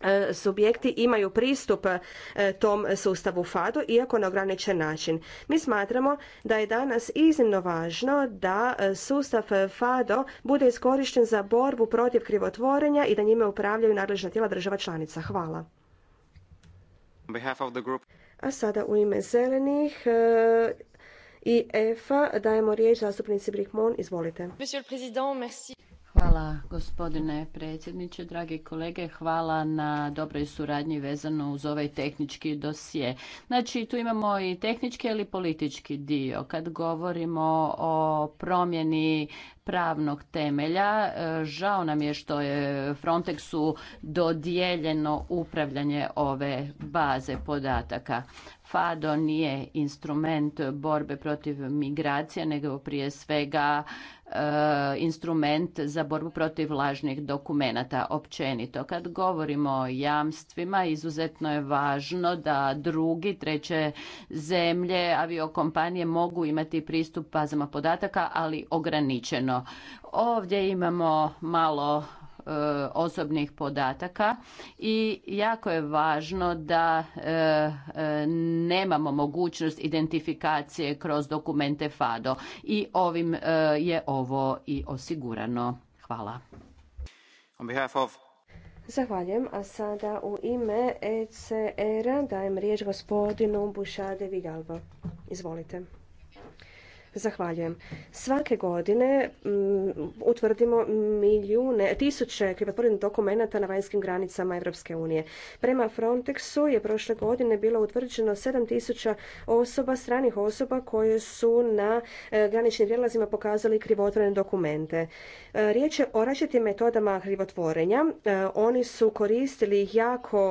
e, subjekti imaju pristup e, tom sustavu FADO, iako na ograničen način. Mi smatramo da je danas iznimno važno da e, sustav FADO bude iskorišten za borbu protiv krivotvorenja i da njime upravljaju nadležna tijela država članica. Hvala. A sada u ime zelenih e, i EFA dajemo riječ zastupnici Brikmon. Izvolite. Hvala gospodine predsjedniče, dragi kolege, hvala na dobroj suradnji vezano uz ovaj tehnički dosje. Znači tu imamo i tehnički ali politički dio. Kad govorimo o promjeni pravnog temelja, e, žao nam je što je Frontexu dodijeljeno upravljanje ove baze podataka. FADO nije instrument borbe protiv migracija nego prije svega Eh, instrument za borbu protiv lažnih dokumenata općenito. Kad govorimo o jamstvima, izuzetno je važno da drugi, treće zemlje, aviokompanije mogu imati pristup bazama podataka, ali ograničeno. Ovdje imamo malo E, osobnih podataka i jako je važno da e, e, nemamo mogućnost identifikacije kroz dokumente FADO i ovim je ovo i osigurano. Hvala. Zahvaljujem, a sada u ime ECR-a dajem riječ gospodinu Bušade Vigalba. Izvolite. Zahvaljujem. Svake godine mm, utvrdimo milijune, tisuće krivotvorenih dokumenata na vanjskim granicama Europske unije. Prema Frontexu je prošle godine bilo utvrđeno 7000 osoba, stranih osoba koje su na e, graničnim prijelazima pokazali krivotvorene dokumente. E, riječ je o različitim metodama krivotvorenja. E, oni su koristili jako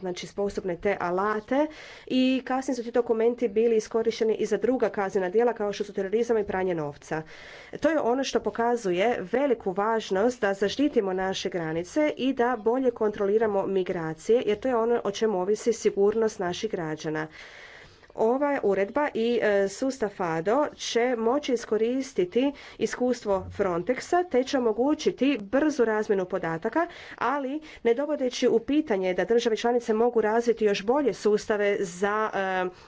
znači, sposobne te alate i kasnije su ti dokumenti bili iskorišteni i za druga kaznena djela kao što su su terorizam i pranje novca. To je ono što pokazuje veliku važnost da zaštitimo naše granice i da bolje kontroliramo migracije jer to je ono o čemu ovisi sigurnost naših građana. Ova uredba i e, sustav FADO će moći iskoristiti iskustvo Frontexa te će omogućiti brzu razmjenu podataka, ali ne dovodeći u pitanje da države članice mogu razviti još bolje sustave za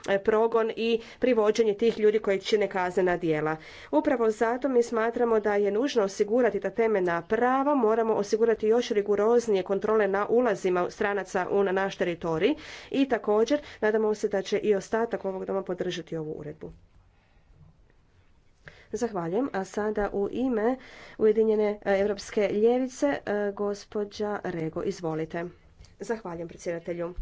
e, progon i privođenje tih ljudi koji čine kaznena djela. Upravo zato mi smatramo da je nužno osigurati ta temeljna prava, moramo osigurati još rigoroznije kontrole na ulazima stranaca u na naš teritorij i također nadamo se da će i ostatak tako ovog doma podržati ovu uredbu. Zahvaljujem. A sada u ime Ujedinjene europske ljevice e, gospođa Rego. Izvolite. Zahvaljujem predsjedatelju.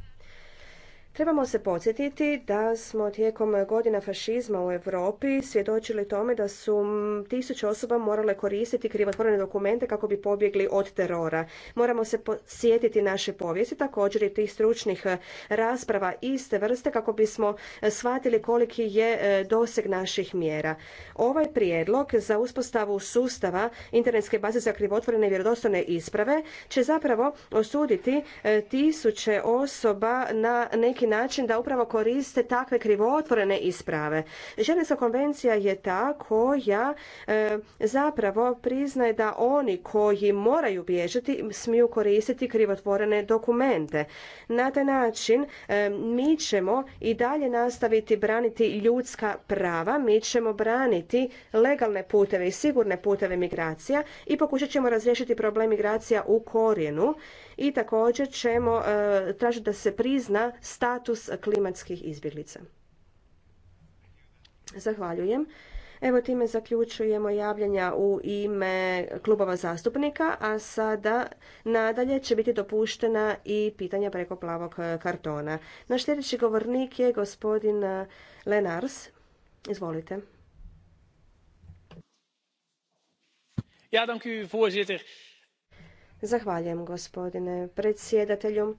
Trebamo se podsjetiti da smo tijekom godina fašizma u Europi svjedočili tome da su tisuće osoba morale koristiti krivotvorene dokumente kako bi pobjegli od terora. Moramo se sjetiti naše povijesti, također i tih stručnih e, rasprava iste vrste kako bismo e, shvatili koliki je e, doseg naših mjera. Ovaj prijedlog za uspostavu sustava internetske baze za krivotvorene i vjerodostojne isprave će zapravo osuditi tisuće osoba na neki neki način da upravo koriste takve krivotvorene isprave. Ženevska konvencija je ta koja e, zapravo priznaje da oni koji moraju bježati smiju koristiti krivotvorene dokumente. Na taj način e, mi ćemo i dalje nastaviti braniti ljudska prava, mi ćemo braniti legalne puteve i sigurne puteve migracija i pokušat ćemo razriješiti problem migracija u korijenu i također ćemo e, tražiti da se prizna status klimatskih izbjeglica. Zahvaljujem. Evo time zaključujemo javljanja u ime klubova zastupnika, a sada nadalje će biti dopuštena i pitanja preko plavog e, kartona. Naš sljedeći govornik je gospodin e, Lenars. Izvolite. Ja, dank u voorzitter. Zahvaljujem gospodine predsjedatelju.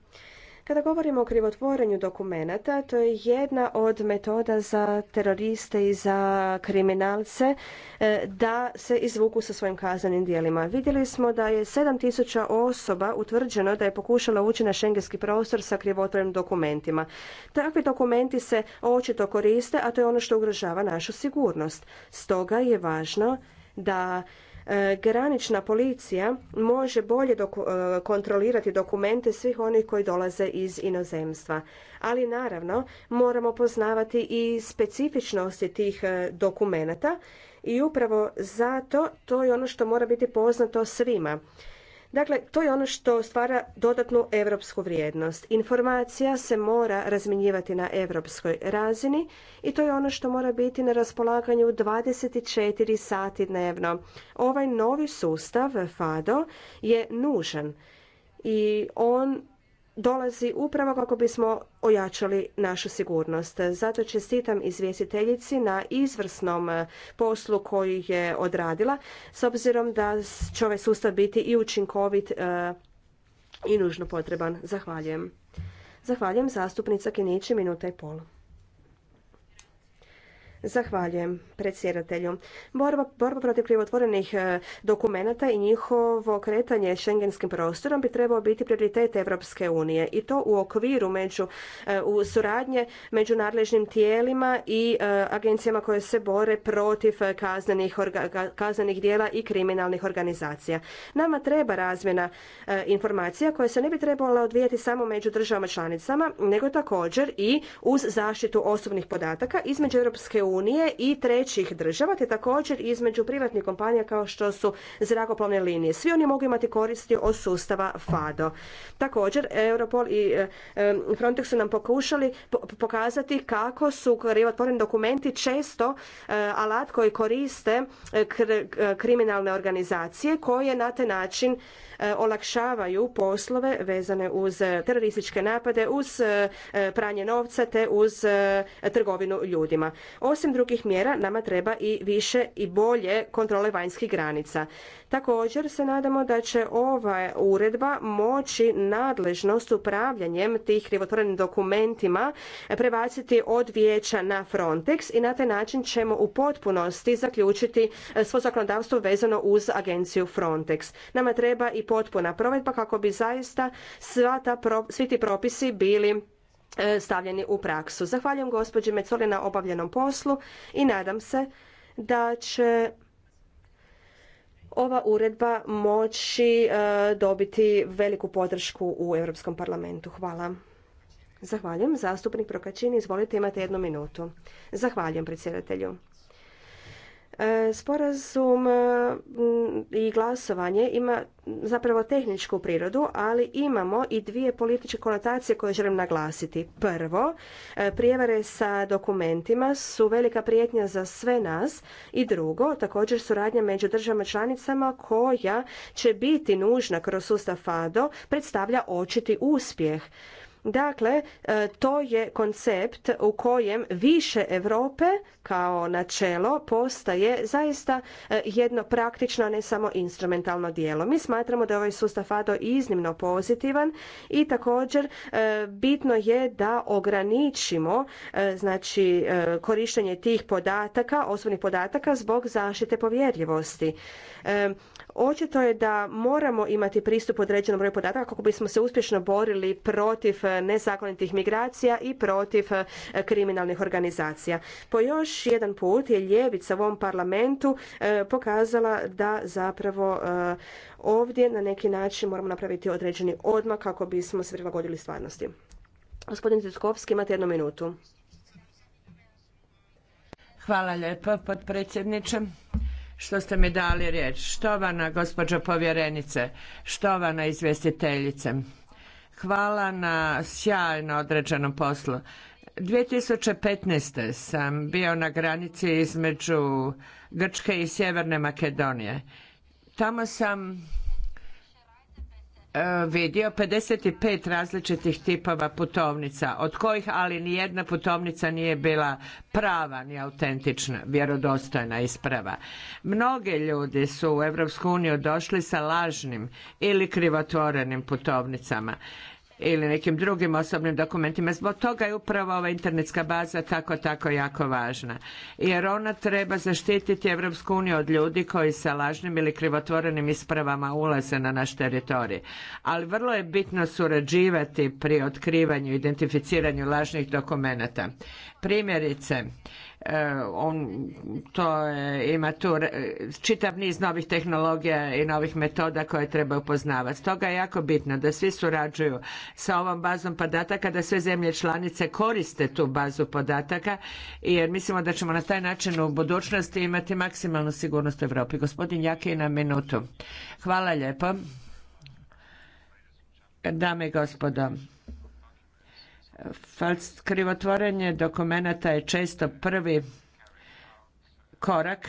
Kada govorimo o krivotvorenju dokumenata, to je jedna od metoda za teroriste i za kriminalce e, da se izvuku sa svojim kaznenim djelima. Vidjeli smo da je 7000 osoba utvrđeno da je pokušala ući na šengenski prostor sa krivotvorenim dokumentima. Takvi dokumenti se očito koriste, a to je ono što ugrožava našu sigurnost. Stoga je važno da E, granična policija može bolje e, kontrolirati dokumente svih onih koji dolaze iz inozemstva. Ali naravno moramo poznavati i specifičnosti tih e, dokumenata i upravo zato to je ono što mora biti poznato svima. Dakle, to je ono što stvara dodatnu europsku vrijednost. Informacija se mora razminjivati na europskoj razini i to je ono što mora biti na raspolaganju 24 sati dnevno. Ovaj novi sustav FADO je nužan i on dolazi upravo kako bismo ojačali našu sigurnost. Zato čestitam izvjestiteljici na izvrsnom e, poslu koji je odradila, s obzirom da će ovaj sustav biti i učinkovit e, i nužno potreban. Zahvaljujem. Zahvaljujem zastupnica Kinići, minuta i pol. Zahvaljujem predsjedatelju. Borba, protiv krivotvorenih e, dokumenata i njihovo kretanje šengenskim prostorom bi trebao biti prioritet Evropske unije i to u okviru među, e, u suradnje među nadležnim tijelima i e, agencijama koje se bore protiv kaznenih, dijela i kriminalnih organizacija. Nama treba razmjena informacija koja se ne bi trebala odvijati samo među državama članicama, nego također i uz zaštitu osobnih podataka između unije unije i trećih država, te također između privatnih kompanija kao što su zrakoplovne linije. Svi oni mogu imati koristi od sustava FADO. Također, Europol i e, e, Frontex su nam pokušali pokazati kako su krivotvoreni dokumenti često e, alat koji koriste kriminalne organizacije koje na taj način olakšavaju poslove vezane uz terorističke napade, uz pranje novca te uz trgovinu ljudima. Osim osim drugih mjera, nama treba i više i bolje kontrole vanjskih granica. Također se nadamo da će ova uredba moći nadležnost upravljanjem tih krivotvorenim dokumentima prebaciti od vijeća na Frontex i na taj način ćemo u potpunosti zaključiti eh, svo zakonodavstvo vezano uz agenciju Frontex. Nama treba i potpuna provedba kako bi zaista sva ta, svi ti propisi bili E, stavljeni u praksu. Zahvaljujem gospođi Mecoli na obavljenom poslu i nadam se da će ova uredba moći e, dobiti veliku podršku u Europskom parlamentu. Hvala. Zahvaljujem. Zastupnik Prokačini, izvolite, imate jednu minutu. Zahvaljujem predsjedatelju. E, sporazum e, i glasovanje ima zapravo tehničku prirodu, ali imamo i dvije političke konotacije koje želim naglasiti. Prvo, e, prijevare sa dokumentima su velika prijetnja za sve nas i drugo, također suradnja među državama članicama koja će biti nužna kroz sustav FADO predstavlja očiti uspjeh. Dakle, e, to je koncept u kojem više Europe kao načelo postaje zaista e, jedno praktično, ne samo instrumentalno dijelo. Mi smatramo da je ovaj sustav FADO iznimno pozitivan i također e, bitno je da ograničimo znači korištenje tih podataka, osobnih podataka zbog zaštite povjerljivosti. Očito je da moramo imati pristup određenom broju podataka kako bismo se uspješno borili protiv eh, nezakonitih migracija i protiv eh, kriminalnih organizacija. Po još jedan put je ljevica u ovom parlamentu eh, pokazala da zapravo ovdje na neki način moramo napraviti određeni odmak kako bismo se prilagodili stvarnosti. Gospodin Zitkovski, imate jednu minutu. Hvala lijepo, potpredsjedniče što ste mi dali riječ. Štovana gospođo povjerenice, štovana izvjestiteljice, hvala na sjajno određenom poslu. 2015. sam bio na granici između Grčke i Sjeverne Makedonije. Tamo sam vidio 55 različitih tipova putovnica, od kojih ali ni jedna putovnica nije bila prava ni autentična, vjerodostojna isprava. Mnoge ljudi su u Europsku uniju došli sa lažnim ili krivotvorenim putovnicama ili nekim drugim osobnim dokumentima. Zbog toga je upravo ova internetska baza tako, tako jako važna. Jer ona treba zaštititi Evropsku uniju od ljudi koji sa lažnim ili krivotvorenim ispravama ulaze na naš teritorij. Ali vrlo je bitno surađivati pri otkrivanju, identificiranju lažnih dokumenata. Primjerice, E, on to je, ima tu čitav niz novih tehnologija i novih metoda koje treba upoznavati. Stoga je jako bitno da svi surađuju sa ovom bazom podataka, da sve zemlje članice koriste tu bazu podataka jer mislimo da ćemo na taj način u budućnosti imati maksimalnu sigurnost u Europi. Gospodin Jaki na minutu. Hvala lijepo. Dame i gospodo, krivotvorenje dokumenata je često prvi korak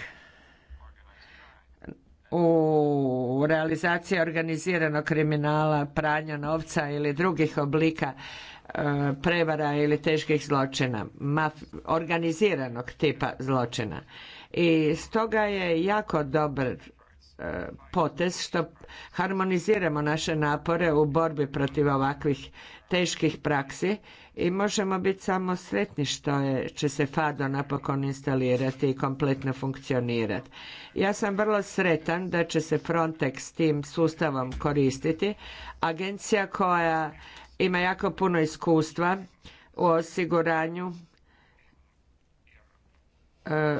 u realizaciji organiziranog kriminala, pranja novca ili drugih oblika e, prevara ili teških zločina, organiziranog tipa zločina. I stoga je jako dobar e, potez što harmoniziramo naše napore u borbi protiv ovakvih teških praksi i možemo biti samo sretni što je, će se FADO napokon instalirati i kompletno funkcionirati. Ja sam vrlo sretan da će se Frontex tim sustavom koristiti. Agencija koja ima jako puno iskustva u osiguranju e,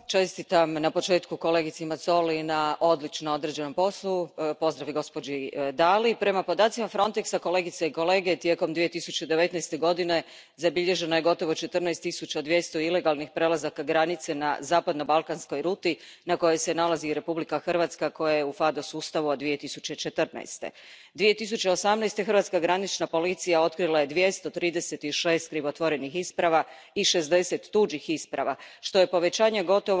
čestitam na početku kolegici mazzoli na odlično odrađenom poslu e, pozdrav i gospođi e, dalli. prema podacima frontexa kolegice i kolege tijekom. two thousand and nineteen godine zabilježeno je gotovo fourteen two hundred ilegalnih prelazaka granice na zapadno balkanskoj ruti na kojoj se nalazi i republika hrvatska koja je u fado sustavu od. two thousand and fourteen. two thousand and eighteen hrvatska granična policija otkrila je two hundred and thirty six krivotvorenih isprava i sixty tuđih isprava što je povećanje gotovo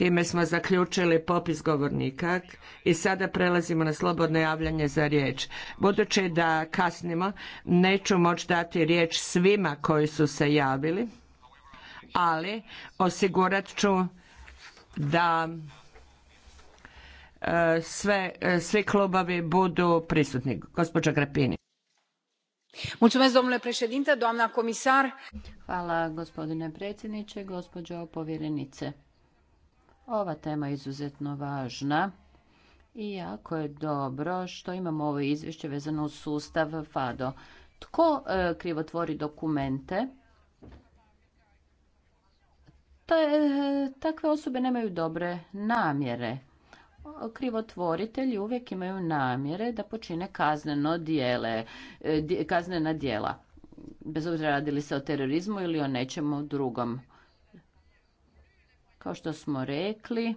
Time smo zaključili popis govornika i sada prelazimo na slobodno javljanje za riječ. Budući da kasnimo, neću moći dati riječ svima koji su se javili, ali osigurat ću da e, sve, e, svi klubovi budu prisutni. Gospođa Grapini. Hvala, gospodine predsjedniče, gospođo povjerenice. Ova tema je izuzetno važna i jako je dobro što imamo ovo izvješće vezano uz sustav FADO. Tko e, krivotvori dokumente? E, takve osobe nemaju dobre namjere. Krivotvoritelji uvijek imaju namjere da počine kazneno dijele, e, kaznena dijela. Bez obzira radili se o terorizmu ili o nečemu drugom. Kao što smo rekli,